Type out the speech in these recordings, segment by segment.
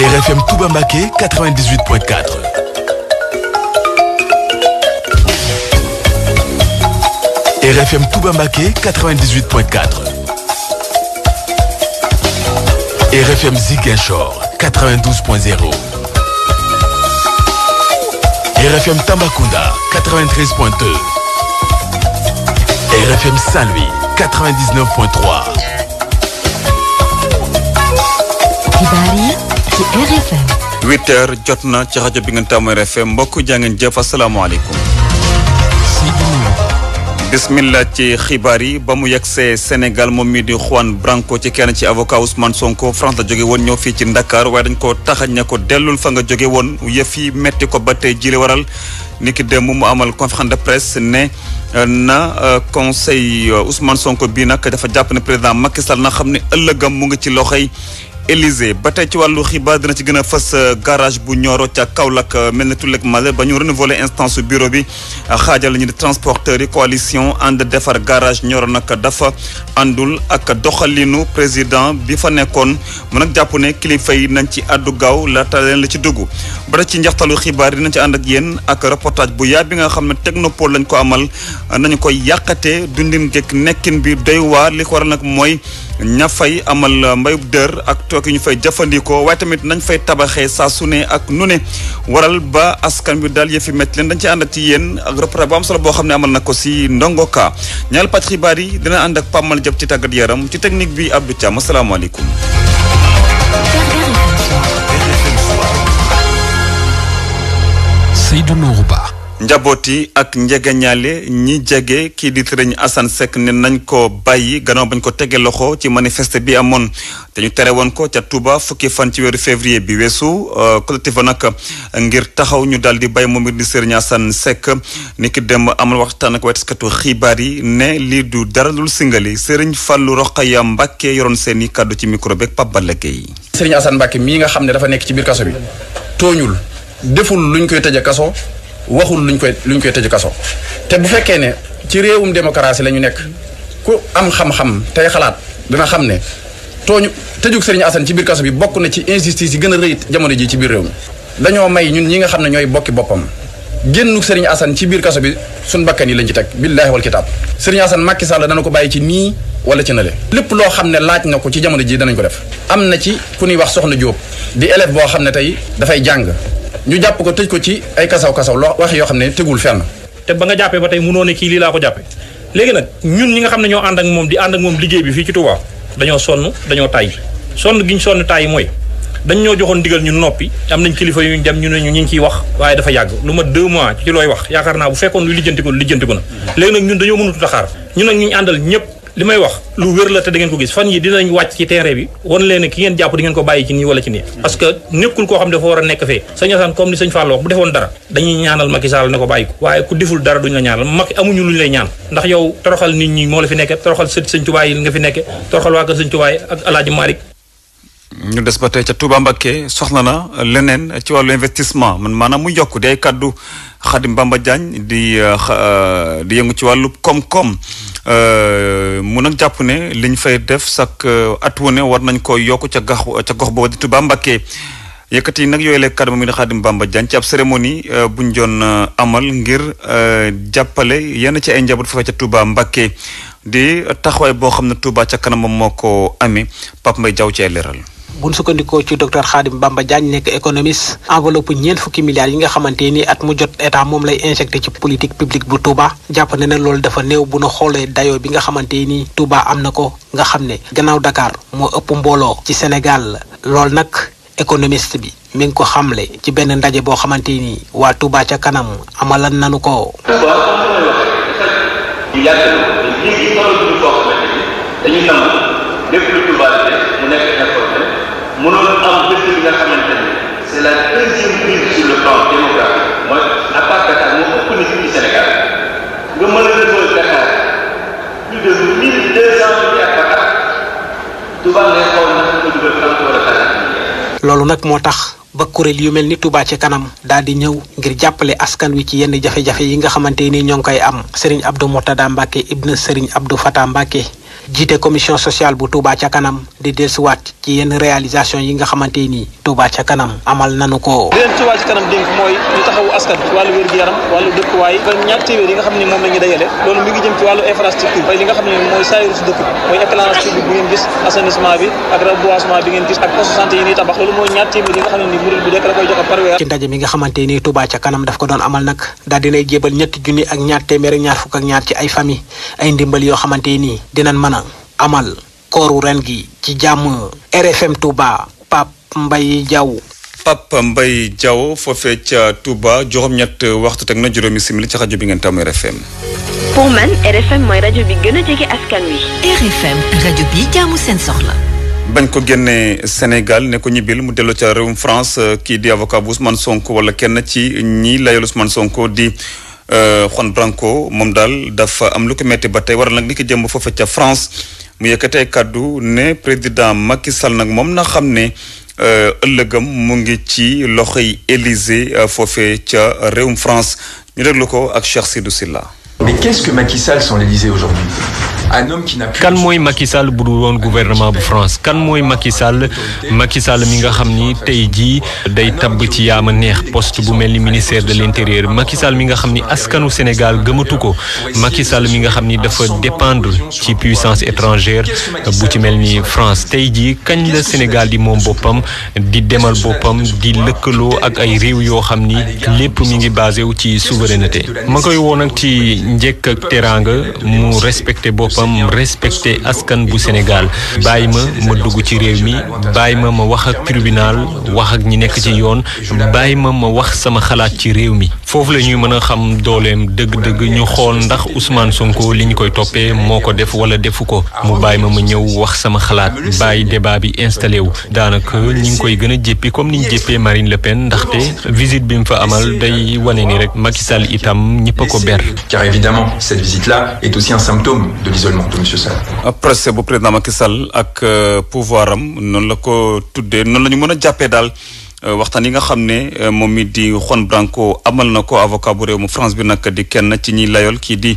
RFM Touba Mbacké 98.4 RFM Touba RFM Ziguinchor RFM Tambacounda RFM Saint-Louis ci jot na ci rajo bi ngeen taamu RFM mbokk jaa ngeen jëf asalaamaaleykum. bismillah ci xibaar yi ba mu yegg see Sénégal moom mii di Juan Branco ci kenn ci avocat Ousmane Sonko France la joge woon ñëw fii ci Ndakaar waaye dañ ko taxañ ne ko dellul fa nga jóge woon yëf yi metti ko ba tey jile waral ni ki démb mu amal conférence de presse ne euh, na euh, conseil euh, Ousmane Sonko bii nag dafa jàpp ne président Macky na xam ne ëllëgam mu ngi ci loxoy Élysée ba tey ci wàllu xibaar dina ci gën a fës euh, garage bu Nioro ca Kaolack euh, mel na tulleeg male ba ñu renouveler instance bureau bi euh, xaajal ñu di transport porteurs yi coalition ànd defar garage Nioro nag dafa àndul ak doxalinu président bi fa nekkoon mu nag jàpp ne kilifa yi nañ ci àddu gaaw laata leen la ci dugg ba ci njaxtalu xibaar dinañ ci ànd ak yéen ak reportage bu yaa bi nga xam ne technopole lañ ko amal nañu koy yàqatee dundin geek nekkin bi doy waa li ko waral nag mooy ña fay amal mbayub dër ak toog yi ñu fay jëfandikoo waaye tamit nañ fay tabaxee saa su ak nu ne waral ba askan bi daal amal na ko si Ndongo Ka ñaal Patri Bari dina ànd ak Pamal Diop ci tàggat yaram ci technique bi Abdou Thiam asalaamaaleykum. Seydou njaboot yi ak njegeñaale ñi jege kii di sëriñ Assane Seck ne nañ ko bàyyi gannaaw bañ ko tegee loxo ci manifeste bi amoon te ñu tere woon ko ca Touba fukki fan ci weeru février bi weesu euh, collectif ba nag ngir taxaw ñu daal di bàyyi moom it di sëriñ Assane Seck ni ki dem amal waxtaan ak taskatu xibaar yi ne lii du dara lul singali sëriñ Fallou Rokhaya Mbacké yoroon seen i kàddu ci micro beeg Pape Balla Gueye yi. sëriñ Assane Mbacké mii nga xam ne dafa nekk ci biir kaso bi tooñul deful luñ waxul luñ koy luñ koy tëj kaso te bu fekkee ne ci réewum démocratie la ñu nekk ku am xam-xam tey xalaat dana xam ne tooñu tëjug Serigne asan ci biir kaso bi bokk na ci injustice yi gën a rëy jamono ji ci biir réew dañoo may ñun ñi nga xam ne ñooy bokki boppam génnug Serigne Assane ci biir kaso bi suñ bakkan yi lañ ci teg billaahi wal kitaab Serigne Assane Macky Sall dana ko bàyyi ci nii wala ci nale lépp loo xam ne laaj na ko ci jamono ji danañ ko def am na ci ku ñuy wax soxna Diop di élève boo xam ne tey dafay jàng ñu jàpp ko tëj ko ci ay kasaw kasaw loo wax yoo xam ne tegul fenn. te ba nga jàppee ba tey mënoo ne kii lii laa ko jàppee léegi nag ñun ñi nga xam ne ñoo ànd moom di ànd ak moom liggéey bi fii ci Touba dañoo sonn dañoo tàyyi sonn gi ñu sonn tàyyi mooy dañ ñoo joxoon digal ñu noppi am nañ kilifa yu ñu dem ñu ne ñu ñu ciy wax waaye dafa yàgg lu ma deux mois ci looy wax yaakaar naa bu fekkoon lu lijjanti ko lijjanti na léegi nag ñun dañoo mënut a xaar ñun nag ñu àndal ñëpp li may wax lu wér la te da ko gis fan yi dinañ wàcc ci terrain bi wan leen ki ngeen jàpp di ngeen ko bàyyi ci nii wala ci nii parce que nekkul koo xam dafa war a nekk fee sëñ Assane comme ni sëñ Fall wax bu defoon dara dañuy ñaanal Macky Sall ne ko bàyyi ko waaye ku deful dara duñ la ñaanal Macky amuñu luñ lay ñaan ndax yow toroxal nit ñi moo la fi nekk toroxal sët sëñ Tuubaa yi nga fi nekke toroxal waa kër sëñ Tuubaa ak Alaaji Maalik ñu des ba tey ca Touba Mbacké na leneen ci wàllu investissement man maanaam mu yokk day kaddu Khadim Bamba Diagne di euh, euh, di yëngu ci wàllu koom-koom Euh, mu a jàpp ne liñ fay def sak euh, at wu war nañ ko yokk ca gax ca gox boobu di Tuubaa Mbàkke yëkkati nag yooyu lekk kàddu mi di Xaadim Bamba Diagne ci ab cérémonie euh, buñ doon amal ngir jàppale yenn ci ay njaboot fa ca Tuubaa mbake di taxawaay boo xam ne Touba ca kanam moom moo ko amee Pape Mbaye Diaw cee leeral. buñ sukkandikoo ci docteur Khadim Bamba Diagne nekk économiste enveloppe ñeent fukki milliards yi nga xamante ni at mu jot état moom lay injecté ci politique publique bu Touba jàpp ne na loolu dafa néew bu nu xoolee dayoo bi nga xamante nii Touba am na ko nga xam ne gannaaw Dakar moo ëpp mbooloo ci Sénégal loolu nag économiste bi mi ngi ko xamle ci benn ndaje boo xamante ni waa Touba ca kanam amalan nanu ko ñu yàgg na loolu nag moo tax. ba kuréel yu mel ni Touba ci kanam daal di ñëw ngir jàppale askan wi ci yenn jafe-jafe yi nga xamante ni ñoo ngi koy am Serigne Abdou Moutada Mbacke ibn Serigne Abdou Fatah Mbacke jiite commission sociale bu Touba ca kanam di dellusiwaat ci yenn réalisation yi nga xamante nii Touba ca kanam amal nanu ko. ci wàllu mi nga xamante ni Touba ca kanam daf ko doon amal nag daal nay jébal ñett junni ak ñaar téeméer ak fukk ak ñaar ci ay famille ay ndimbal yoo xamante ni leen mën a amal kooru ren gi ci jàmm RFM Touba Pape Mbaye Diaw Pape Mbaye Diaw foofee ca Touba juróom-ñett waxtu teg na juróomi simili ci rajo bi ngeen tàmm RFM pour man RFM mooy rajo bi gën jege askan wi RFM rajo bi jaamu seen soxla bañ ko génnee Sénégal ne ko ñibbil mu delloo ca réewum France kii di avocat bu Ousmane wala kenn ci ñi layal Ousmane Sonko di Euh, Juan Branco moom daal dafa am lu ko métti ba tey waral nag ni ko jëm foofa ca France mu yëkkatee kàddu ne président Macky Sall nag moom na xam ne euh, ëllëgam mu ngi ci loxoy Élysée euh, foofe ca réewum France ñu lu ko ak Cheikh Sidou Silla. Mais qu'est-ce que Macky Sall l'Élysée aujourd'hui un homme kan mooy Macky Sall bu du woon gouvernement bu France kan mooy Macky Sall Macky Sall mi nga xam ni tey jii day tabb ci yaama neex poste bu mel ni ministère de l'intérieur Macky Sall mi nga xam ni askanu Sénégal gëmatu ko Macky Sall mi nga xam ni dafa dépendre ci puissance étrangère bu ci mel ni France tey jii kañ la Sénégal di moom boppam di demal boppam di lëkkaloo ak ay réew yoo xam ni lépp mi ngi basé wu ci souveraineté ma koy woon ak ci njëkk ak teraanga mu respecté boppam respecté askan bu Sénégal bàyyi ma ma dugg ci réew mi bàyyi ma ma wax ak tribunal wax ak ñi nekk ci yoon bàyyi ma ma wax sama xalaat ci réew mi foofu la ñuy mën a xam dooleem dëgg-dëgg ñu xool ndax Ousmane Sonko li ñu koy toppee moo ko def wala defu ko mu bàyyi ma ma ñëw wax sama xalaat bàyyi debaa bi installé wu daanaka ñu ngi koy gën a jéppi comme ni ñu jéppee Marine Le Pen ndaxte visite bi mu fa amal day wane ni rek Macky Sall itam ñëpp a ko ber. l'isolement de monsieur Sall. Euh, procès bu président Macky Sall ak euh, pouvoir am noonu la ko tuddee noonu lañu mën a jàppee daal euh, waxtaan yi nga xam ne moom it di Juan Branco amal na ko avocat bu réew mu France bi nag di kenn ci ñi layool kii di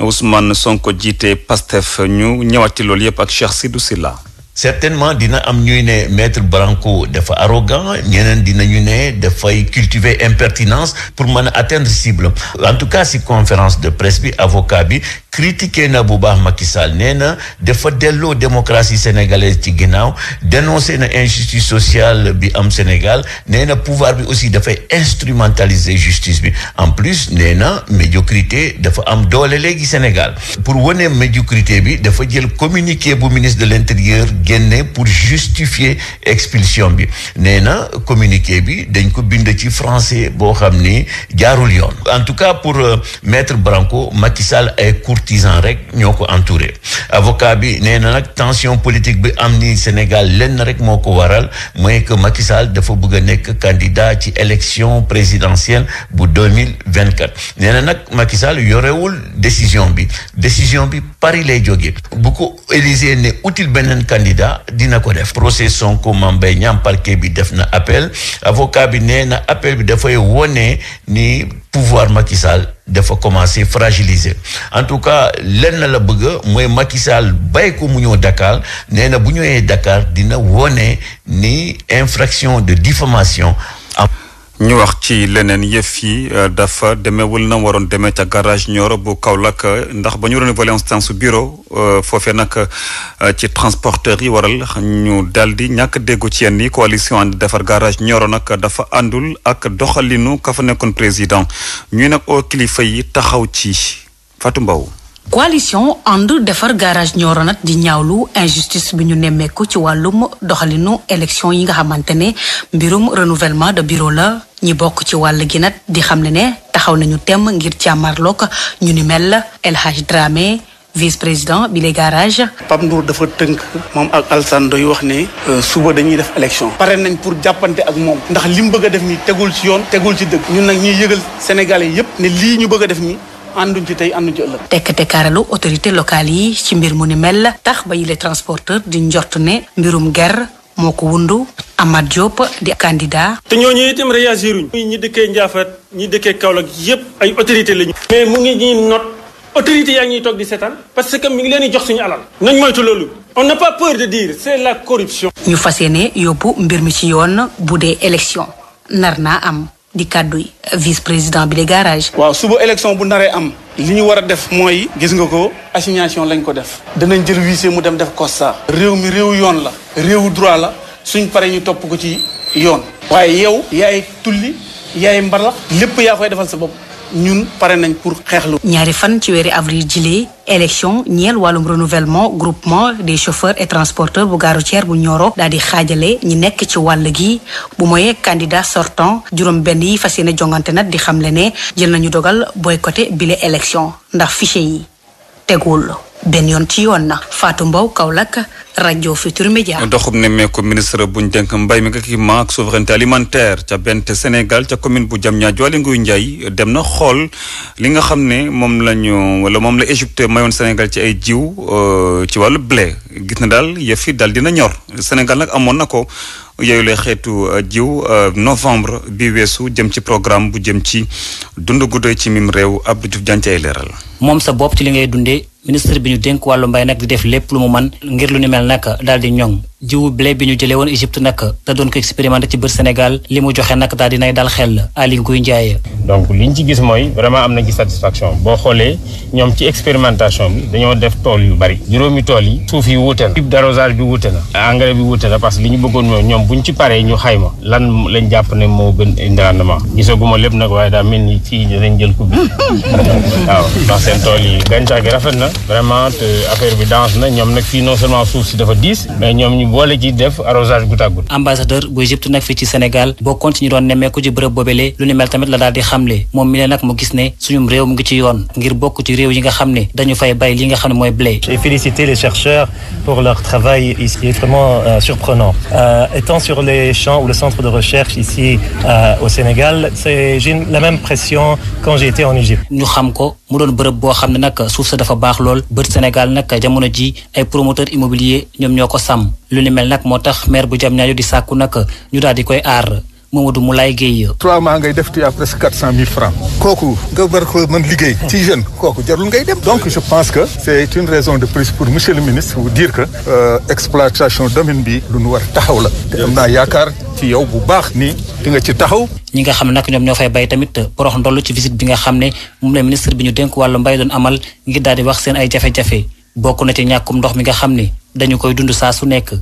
Ousmane Sonko jiite Pastef ñu ñëwaat ci loolu yëpp ak Cheikh Sidou Silla certainement dina am ñuy ne maître Branco dafa arrogant ñeneen dina ñu ne dafay cultiver impertinence pour mën a atteindre cible en tout cas si conférence de presse bi avocat bi critiqué na bu baax ma Sall nee na dafa delloo démocratie sénégalaise ci ginnaaw dénoncé na injustice sociale bi am Sénégal nee na pouvoir bi aussi dafay instrumentaliser justice bi en plus nee na médiocrité dafa am doole léegi Sénégal pour wone médiocrité bi dafa jël communiqué bu ministre de l'intérieur génne pour justifier expulsion bi nee na communiqué bi dañ ko bind ci français boo xam ni jaarul yoon en tout cas pour euh, maître Branco Macky Sall ay courtisan rek ñoo ko entouré avocat bi nee na nag tension politique bi am ni Sénégal lenn rek moo ko waral mooy que Macky dafa bëgg a nekk candidat ci élection présidentielle bu 2024 nee na nag Macky Sall yorewul décision bi décision bi Paris lay jógee bu ko Élysée ne utile beneen candidat candidat dina ko def procès Sonko Mame Mbaye Niang parquet bi def na appel avocat bi nee na appel bi dafay wone ni pouvoir Macky Sall dafa commencer fragiliser en tout cas lenn la bëgg mooy Macky Sall ko mu ñëw Dakar nee na bu ñëwee dakaar dina wone ni infraction de diffamation ñu wax ci leneen yëf yi euh, dafa demewul na waroon demee ca garage Nioro bu Kaolack ndax ba ñu renouvelé instance bureau euh, foofee nag euh, ci transporteurs yi waral ñu daal di ñàkk déggu ci yenn yi coalition ànd defar garage Nioro nag dafa àndul ak doxalinu kafa nekkoon président ñu nag o kilifa yi taxaw ci fatu Mbow coalition ànd defar garage Nioro di ñaawlu injustice bi ñu nemmeeku ci wàllum doxalinu élection yi nga xamante ne mbirum renouvellement de bureau la ñi bokk ci wàll gi nag di xam ne ne taxaw nañu temm ngir càmmarloog ñu ni mel El Hadj Dramé vice président bi les garages. Pape Ndour dafa tënk moom ak Alassane Ndoye wax ne. Euh, suba dañuy def élection. pare nañ pour jàppante ak moom. ndax li mu bëgg a def nii tegul ci yoon. tegul ci dëkk ñun nag ñuy yëgal sénégal yépp ne lii ñu bëgg a def nii. ànduñ ci tey ànduñ ci ëllëg. autorité locale yi ci mbir mu ni mel tax ba yile transporteur di njort ne mbirum ger moo ko wundu Amath Diop di candidat. te ñooñu itam réagiruñ. muy ñi dëkkee Ndiaffate ñu dëkkee Kaolack yépp ay autorité lañu. mais mu ngi ñuy not autorité yaa ñuy toog di seetaan parce que mi ngi leen di jox suñu alal. nañ moytu loolu. on n'a pas peur de dire c'est la corruption. ñu fas yéene yóbbu mbir mi ci yoon bu dee élection nar naa am. di kàddu vice président bi de garage. waaw suba élection bu naree am. li ñu war a def mooy. gis nga ko assignation lañ ko def. danañ jël huissier mu dem def constat. réew mi réew yoon la. réewu droit la suñ paree ñu topp ko ci yoon. waaye yow. yaay tulli yaay mbalax lépp yaa koy defal sa bopp. ñun pare nañ pour xeexlu. ñaari fan ci weeri avril jile élection ñeel wàllum renouvellement groupement des chauffeurs et transporteurs bu gare routière bu Nioro daal di xaajale ñi nekk ci wàll gi bu mooyee candidat sortant juróom benn yi fas yéene jongante nag di xamle ne jël nañu dogal boycotté bile élection ndax fichier yi tegul. benn yoon ci yoon na kaw Mbow Kaolack rajo Futur Media. doxub nemmeeku ministre buñ dénk mbay mi nga équipement ak souveraineté alimentaire ca Bente Sénégal ca commune bu Diamniadio Aly Ngouille Ndiaye dem na xool li nga xam ne moom lañu wala moom la Égypte mayoon Sénégal ci ay jiw euh, ci wàllu blé gis na daal yëf yi daal dina ñor Sénégal nag amoon na ko yooyu xeetu euh, jiw euh, novembre bi weesu jëm ci programme bu jëm ci dund gu doy ci mim réew Abdou Diouf Diagne ay leeral. moom sa ministre bi ñu dénk wàllu mbay nag di def lépp lu mu man ngir lu ni mel nag daal di jiwu blé bi ñu jëlee woon Égypte nag te doon ko expérimenté ci biir Sénégal li mu joxe nag daal dinay dal xel Aly Ngouille Ndiaye donc liñ ci gis mooy boo xoolee ñoom ci expérimentation bi dañoo def tool yu bari juróomi tool yi suuf yi wuute na type d'arrosage bi wuute na engrais bi wuute na parce que li ñu bëggoon mooy ñoom buñ ci paree ñu xayma lan lañ jàpp ne moo gën indi rendement gisaguma lépp nag waaye daa mel ni fii dinañ jël ko bi waaw na vraiment affaire bi danse na ñoom nag boole ci def arrosage bu Égypte nag fii ci Sénégal bokkoon ci ñu doon nemmeeku ci bërëb boobele lu ni mel tamit la daal di xamle moom mi ne nag mu gis ne suñum réew mu ngi ci yoon ngir bokk ci réew yi nga xam ne dañu fay bay li nga xam ne mooy blé. J'ai félicité les chercheurs pour leur travail ici vraiment euh, surprenant euh, étant sur les champs ou le centre de recherche ici euh, au Sénégal c'est j'ai la même pression quand j'ai été en Égypte ñu xam ko mu doon bërëb boo xam ne nag suuf sa dafa baax lool bët Sénégal nag jamono ji ay promoteur immobilier ñoom ñoo ko sàmm lu ni mel nag moo tax maire bu jam Diamniadio di sàkku nag ñu daal di koy aar Mamadou Moulay Guèye. trois mois ngay def tu as presque quatre cent mille francs. kooku nga war ko liggéey. Hmm. ci jeune kooku jarul ngay dem. donc je pense que. c' est une raison de plus pour monsieur le ministre vous dire que. Euh, exploitation domaine bi lu nu war taxaw la. te naa yaakaar ci yow bu baax nii di nga ci taxaw. ñi nga xam ne nag ñoom ñoo fay bay tamit porox ndollu ci visite bi nga xam ne moom la ministre bi ñu dénk wàllu mbay doon amal ngir daal di wax seen ay jafe-jafe bokk na ci ñàkkum ndox mi nga xam ne dañu koy dund saa su nekk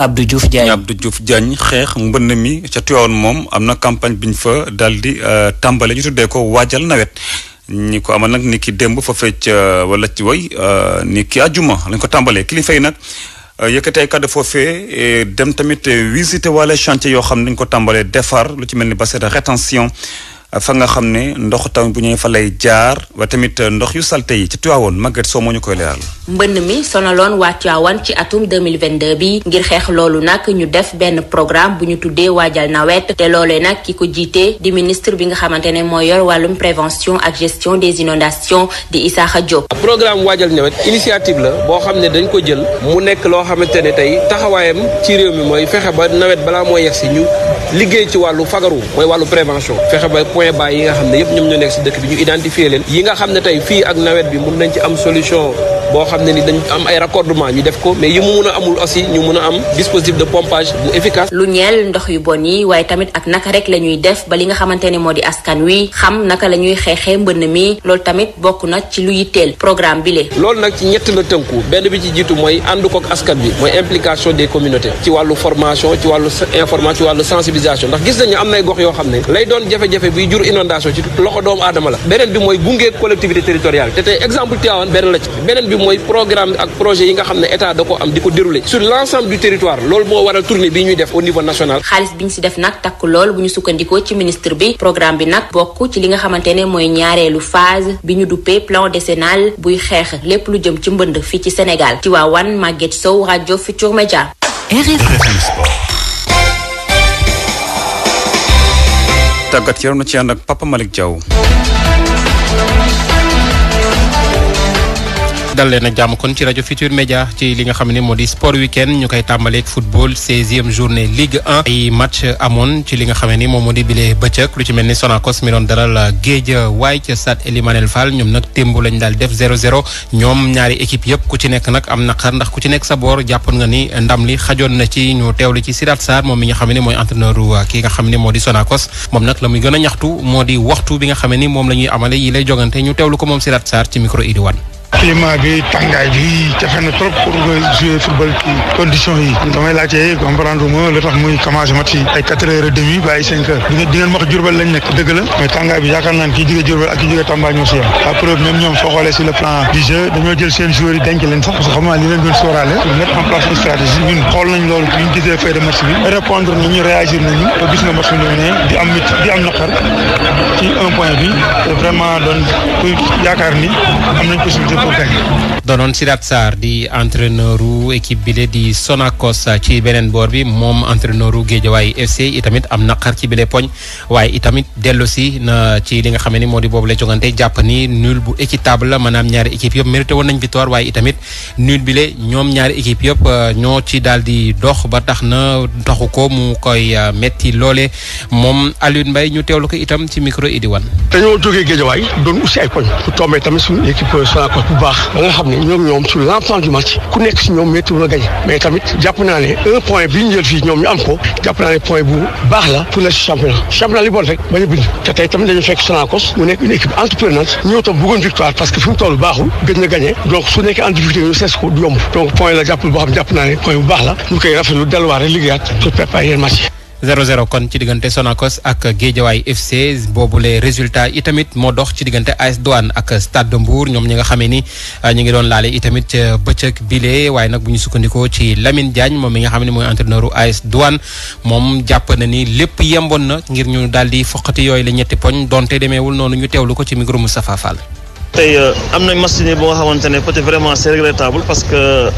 Abdou Diouf Diagne Abdou Diouf Diagne xeex mbënn mi ca Tivaouane moom am na campagne bi ñu fa daal di euh, tàmbale ñu tuddee ko waajal nawet ñi ko amal nag ni ki demb fa fecc euh, wala ci woy euh, ni ki àjjuma lañ ko tàmbalee kilifa yi nag yëkkatee kàddu foofee dem tamit visiter wala chantier yoo xam ne dañ ko tàmbalee defar lu ci mel ni bassin de rétention fa nga xam ne ndox tamit bu ñuy fa lay jaar wa tamit euh, ndox yu salte yi ci Tiwaawoon Maguette Sow moo ñu koy leeral. mbënn mi sonaloon waa Tiwaawoon ci atum 2022 bi ngir xeex loolu nag ñu def benn programme bu ñu tuddee waajal nawet te loolee nag ki ko jiitee di ministre bi nga xamante ne mooy yor wàllum prévention ak gestion des inondations di Isaaxa Diop. programme waajal nawet initiative la boo xam ne dañ ko jël mu nekk loo xamante ne tey taxawaayam ci réew mi mooy fexe ba nawet balaa moo yegsi ñu liggéey ci wàllu fagaru mooy point bas yi nga xam ne yëpp ñoom ñoo nekk si dëkk bi ñu identifier leen yi nga xam ne tey fii ak nawet bi mun nañ ci am solution boo xam ne ni dañu am ay raccordement ñu def ko mais yi mu mun a amul aussi ñu mun a am dispositif de pompage bu efficace. lu ñeel ndox yu bon yi waaye tamit ak naka rek la ñuy def ba li nga xamante ni moo di askan wi xam naka la ñuy xeexee mbënn mi loolu tamit bokk na ci lu yitteel programme bi le loolu nag ci ñett la tënku benn bi ci jiitu mooy ànd ko ak askan bi mooy implication des communautés ci wàllu formation ci wàllu information ci wàllu sensibilisation gis nañu am nay gox yoo xam ne lay doon jafe-jafe biy jur inondation ci la beneen bi mooy gunge collectivité territoriale te tey exemple ci beneen bi mooy programme ak projet yi nga xam ne état da ko am di ko dérouler sur l' ensemble du territoire loolu moo waral tournée bi ñuy def au niveau national. xaalis bi ñu si def nag takk lool bu ñu sukkandikoo ci ministre bi programme bi nag bokk ci li nga xamante ne mooy ñaareelu phase bi ñu duppee plan décennal buy xeex lépp lu jëm ci mbënd fii ci senegal ci waa wan Maguette Sow rajo Futur Média. tàggat yaram na ci ànd ak Papa Malick Diaw. dal leen ak jàmm kon ci rajo Futur Média ci li nga xam ne moo di sport weekend ñu koy tàmbaleeg football seizième journée Ligue 1 ay match amoon ci li nga xam ne moom moo di bile bëccëg lu ci mel ni Sonacos mi doon daral Guédiawaye ca stade Ely Manel Fall ñoom nag démb lañ daal def 0-0 ñoom ñaari équipe yëpp ku ci nekk nag am naqar ndax ku ci nekk sa boor jàppoon nga ni ndam li xajoon na ci ñu teewlu ci Sidat Sarr moom mi nga xam ne mooy entraîneur ki nga xam ne moo di Sonacos moom nag la a ñaxtu moo di waxtu bi nga xam ne moom la ñuy amale yi ñu teewlu ko moom Sidat Sarr ci micro Idi climat bi tàngaay bi jafe na trop pour jouer football condition yi damay laajte comprendre ma lu tax muy commencé match yi ay quatre heures demi ba ay cinq heures di ngeen wax Diourbel lañ nekk dëgg la mais tàngaay bi yaakaar naa ne kii jógee Diourbel ak kii jógee Tamba ñoo si yem la preuve même ñoom soo sur le plan du jeu dañoo jël seen joueurs yi denc leen sax parce que li leen doon nga di am di am naqar ci un point bi vraiment doonoon Sidat Sarr di entraîneur u équipe bile di Sonacos ci beneen boor bi moom entraîneur u Guédiawaye FC itamit am naqar ci bile poñ waaye itamit dellu si na ci li nga xam ne moo di boobu la jogante jàpp ni nul bu équitable la maanaam ñaari équipe yëpp mérité woon nañ victoire waaye itamit nul bile ñoom ñaari équipe yëpp euh, ñoo ci daal di dox ba tax na taxu ko mu koy euh, metti loole moom Alioune Mbaye ñu teewlu ko itam ci micro Idi Wane. dañoo jógee Guédiawaye doon aussi bu baax ba xam ne ñoom ñoom sur l'ensemble du match ku nekk si ñoom météo la gañ mais tamit jàpp naa ne un point bi ñu jël fii ñoom ñu am ko jàpp naa ne point bu baax la pour le championnat championnat li bon rek bañ a bind te tey tamit dañu fekk Sonacos mu nekk une équipe entreprenante ñëw tam bëggoon victoire parce que fi mu baaxul gëj na gagné donc su nekkee en ñu sees ko du yomb donc point la jàppul boo xam jàpp naa ne point bu baax la ñu koy rafetlu delluwaat rek liggéeyaat pour préparer yeneen zéro zéro kon ci diggante Sonacos ak Guédiawaye FC boobule résultat itamit moo dox ci diggante AS Douane ak Stade de Mbour ñoom ñi nga xamee ni ah, ñu ngi doon laale itamit ca bëccëg bile waaye nag bu ñu sukkandikoo ci lamin jaañ moom mi nga xam ne mooy entraîneur u AS moom jàpp na ni lépp yemboon na ngir ñu daal di foqati yooyu la ñetti poñ donte demeewul noonu ñu teewlu ko ci micro Moustapha faal tey euh, am nañ machine bu nga xamante ne peut vraiment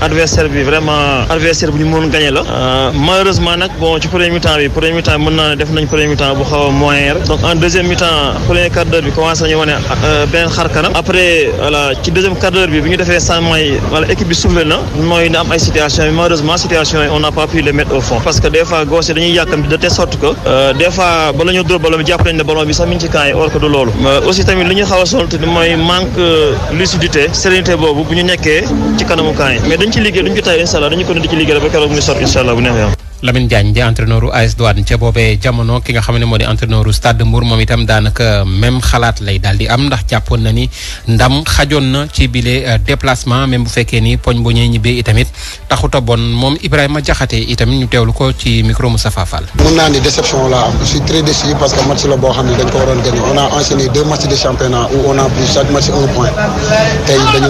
adversaire bi vraiment adversaire bu ñu mënoon gagné euh, nag bon ci premier mi bi premier naa def nañ premier mi bu xaw moyen donc en deuxième mi premier quart bi commencé nañu wane euh, benn xar kanam après voilà ci deuxième quart d'heure bi bi ñu defee changement wala équipe bi soufflé na mooy na am ay situation yi malheureusement situation yi on n'a pas pu les au fond parce que des fois dañuy yàkkamti bi jàpp nañ manque lucidité sérénité boobu bu ñu nekkee ci kanamu camp yi mais dañ ci liggéey duñ ci tay dañu ko ne di ci liggéey ba keroog muy sor incha bu neexee Lamine Diagne di entraîneur u AS ca boobee jamono ki nga xam ne moo di entraîneur u Stade Mbour moom itam daanaka même xalaat lay daal di am ndax jàppoon na ni ndam xajoon na ci bile euh, déplacement même bu fekkee ni poñ bu ñuy ñibbee itamit taxuta bon moom Ibrahima Diakhaté itam ñu teewlu ko ci micro Moustapha Fall. mun naa ni déception la am je suis très déçu parce que match la boo xam ne dañ ko waroon gagné on a enchaîné deux matchs de championnat où on a pris chaque match un point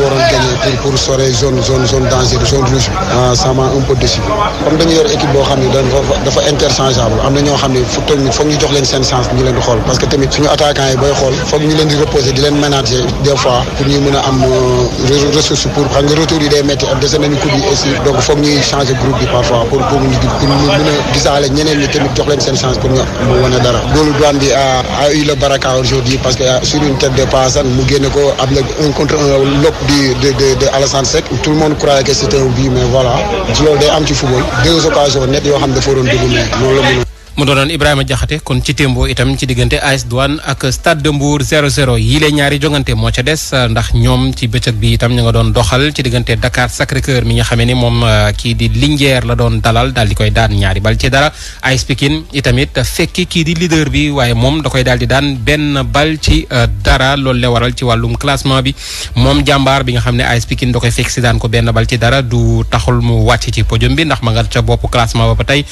waroon gagné pour pour sore zone zone zone danger zone rouge bi. Ah, ça m'a un dafa interchangeable am na ñoo xam ne foog ñu jox leen seen chance ñu leen di xool parce que tamit suñu attaquant yi booy xool foog ñu leen di reposer di leen ménager des pour ñuy mën a am euh, ressource pour xam nga retour yi day métti ak dese nañu yi aussi donc foog ñuy changer groupe bi parfois pour pour ñu pour a gisaale ñeneen ñi tamit jox leen seen chance pour ñu mu wane dara loolu douane bi a a baraka aujourd'hui parce que sur une mu génne ko am yoo xam dafa waroon dugg mais noonu la mënoon mu doonoon a Diakhaté kon ci témboo itam ci diggante AS Douane ak Stade de Mbour 0-0 yi lay ñaari jongante moo ca des ndax ñoom ci bëccëg bi itam ñu nga doon doxal ci diggante Dakar Sacré-Cœur mi nga xamee ni moom euh, kii di Linguère la doon dalal daal di koy daan ñaari bal ci dara AS Pikine itamit fekki kii di leader bi waaye moom da koy daal di daan benn bal ci euh, dara loolu la waral ci wàllum classement bi moom jàmbaar bi nga xam ne AS Pikine da koy fekk si daan ko benn bal ci dara du taxul mu wàcc ci podium bi ndax ma nga ca bopp classement ba tey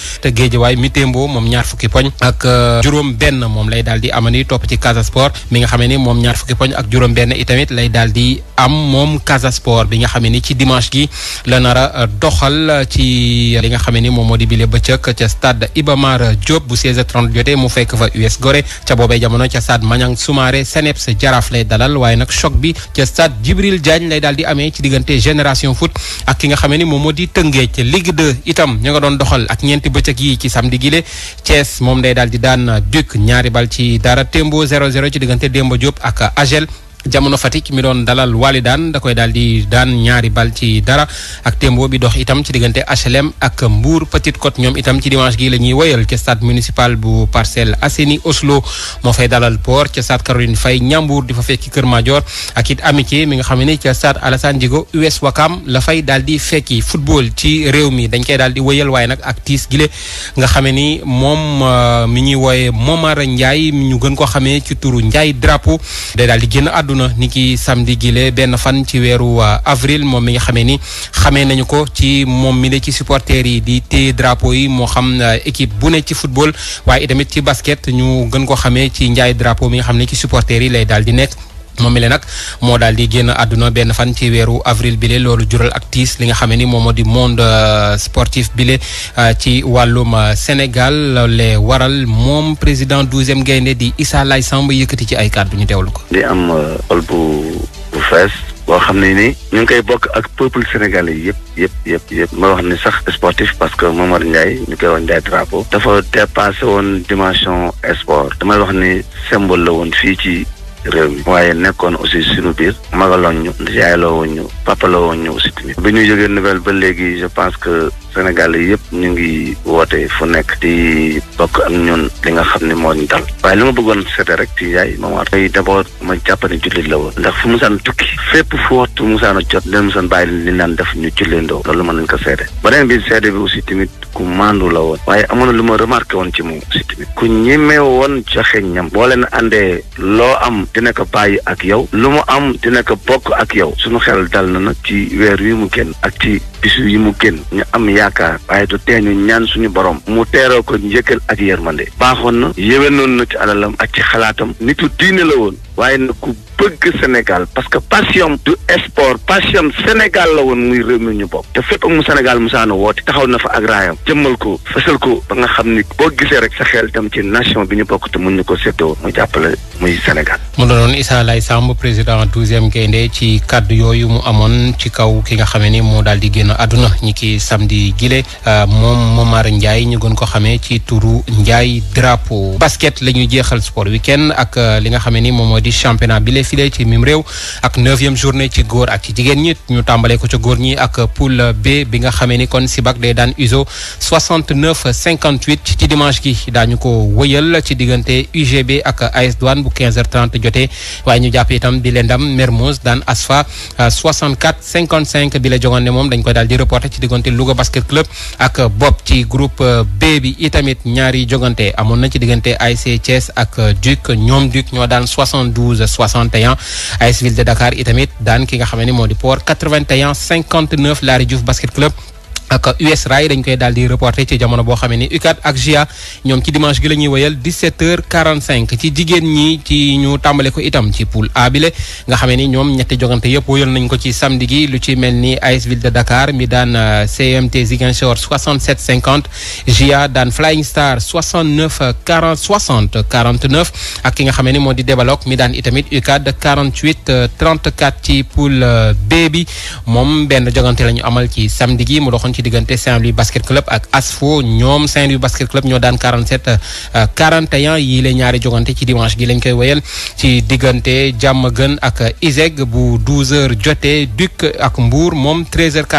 ñaar fukki poñ ak euh, juróom benn moom lay daal di amani topp ci Casa Sport mi nga xamee ni moom ñaar fukki poñ ak juróom benn itamit lay daal di am moom Casa bi nga xamee ni ci dimanche gi la nar euh, doxal ci li nga xamee ni moom moo di bile bëccëg ca stade Iba Mar bu 16h30 jotee mu fekk fa US Gorée ca boobee jamono ca stade Maniang Soumaré Seneps Jaraaf lay dalal waaye nag choc bi ca stade Djibril Diagne lay daal di amee ci diggante Génération Foot ak ki nga xamee ni moom moo di Tëngéej Ligue 2 itam ñu nga doon doxal ak ñeenti bëccëg yi ci samedi gile Thiès moom day daal di daan Duc ñaari bal ci dara Tembo 00 ci diggante Demba Diop ak Agel jamono Fatick mi doon dalal Wali da koy daal di daan ñaari bal ci dara ak tembo bi dox itam ci diggante HLM ak Mbour Petite Côte ñoom itam ci dimanche gi la ñuy woyal ca stade municipal bu Parcelles Assainies Oslo moo fay dalal Port ca stade Caroline Faye Ñambour di fa fekki Kër Madior ak it Amitié mi nga xam ne ca stade Alassane Djigo US Wakam la fay daal di fekki football ci réew mi dañ koy daal di woyal waaye nag ak tiis gile nga xamee ni moom euh, mi ñuy wooye Momar Ndiaye mi ñu gën koo xamee ci turu Ndiaye àdduna ni ki samedi gile benn fan ci weeru euh, avril moom mi nga xamee ni xamee nañu ko ci moom mi la ci supporters yi di téye drapeau yi moo xam euh, équipe bu ne ci football waaye itamit ci basket ñu gën ko xamee ci njaay drapeau mi nga xam ne ci supporters yi lay daal di nekk moom mi le nag moo daal di génn àdduna benn fan ci weeru avril bile loolu jural ak tiis li nga xam ne ni moom moo di monde euh, sportif bile euh, ci wàllum euh, Sénégal loolee waral moom président douzième gaynde di Issa Laye Samb yëkkati ci ay kàddu ñu lu ko. di am xol bu fees boo xam ne ni ñu ngi koy bokk ak peuple sénégalais yëpp yëpp yëpp yëpp ma wax ni sax sportif parce que Momar Ndiaye ñu koy wax Ndiaye drapeau dafa dépassé woon dimension sport damay wax ni symbole la woon fii ci. réew mi waaye nekkoon aussi suñu biir magaloon ñu yaay la woon ñu papa la woon ñu aussi tamit bi ñu jógee nouvelle ba léegi je pense que Sénégal yëpp ñu ngi woote fu nekk di bokk ak ñun li nga xam ne moo ñu dal waaye li ma bëggoon seete rek ci yaay Momar tey d'abord ma jàpp ne jullit la woon ndax fu musaan tukki fépp fu waxtu musaan a jot leen musaan bàyyi li naan def ñu julleendoo loolu mën nañ ko seede beneen bi seede bi aussi tamit ku maandu la woon waaye amoon na lu ma remarqué woon ci moom aussi tamit ku ñemee woon joxe ñam boo leen am dina ko bàyyi ak yow lu mu am dina ko bokk ak yow suñu xel dal na nag ci weer wi mu génn ak ci bisu yi mu génn ñu am yaakaar waaye du tee ñu ñaan suñu borom mu teeroo ko njëkkal ak yërmande baaxoon na yéwénoon na ci alalam ak ci xalaatam nitu diine la woon waaye na ku bëgg Sénégal parce que passion du sport passion Sénégal la woon muy réew mi ñu bopp te fépp mu Sénégal musaana woote taxaw na fa ak raayam jëmmal ko fësal ko ba nga xam ni boo gisee rek sa xel tam ci nation bi ñu bokk te mun ñu ko séddoo mu jàppale muy Sénégal. mu doonoon Issa Laye Samb président douzième gaynde ci kàddu yooyu mu amoon ci kaw ki nga xamee ni moo daal di génn àdduna ñi ki sam samedi gile euh, moom Momar Ndiaye ñu gën ko xamee ci turu Ndiaye drapeau basket la ñuy jeexal sport weekend ak euh, li nga xamee ni moom moo di di championnat bi lay file ci mim réew ak neuvième journée ci góor ak ci jigéen ñi ñu tàmbalee ko ci góor ñi ak poule B bi nga xamee ni kon Sibac day daan USO ci dimanche gi daañu ko wëyal ci diggante UGB ak AS Douane bu jotee waaye ñu jàpp itam bi ndam Mermoz daan ASFA 64 euh, jogante moom dañ koy daal di reporté ci diggante Louga Basket Club ak bopp ci groupe euh, B bi itamit ñaari jogante amoon na ci diggante ASC Thiès ak Duc ñoom Duc ñoo daan 72 61 AS Ville de Dakar itamit daan ki nga xam ne moo di Port 81 59 Laari Diouf basket club. ak US Rail dañ koy daal di reporté ci jamono boo xamee ni UCAD ak GIA ñoom ci dimanche gi la ñuy wëyal 17h45 ci jigéen ñi ci ñu tàmbale ko itam ci poule A bi le nga xamee ni ñoom ñetti jogante yëpp wëyal nañ ko ci samedi gi lu ci mel ni AS Ville de Dakar mi daan euh, CMT Ziguinchor 67 50 GIA daan Flying Star 69 40 60 49 ak ki nga xamee ni moo di Débalok mi daan itamit UCAD 48 34 ci poule euh, B bi moom benn jogante la amal ci samedi gi mu doxoon ci diggante Saint-Louis basket club ak ASFO ñoom Saint-Louis basket club ñoo daan 47 41 euh, yii la ñaari jogante ci dimanche gi lañ koy wéyal ci diggante Diamaguène ak ISEG bu 12h jotee ak Mbour moom 13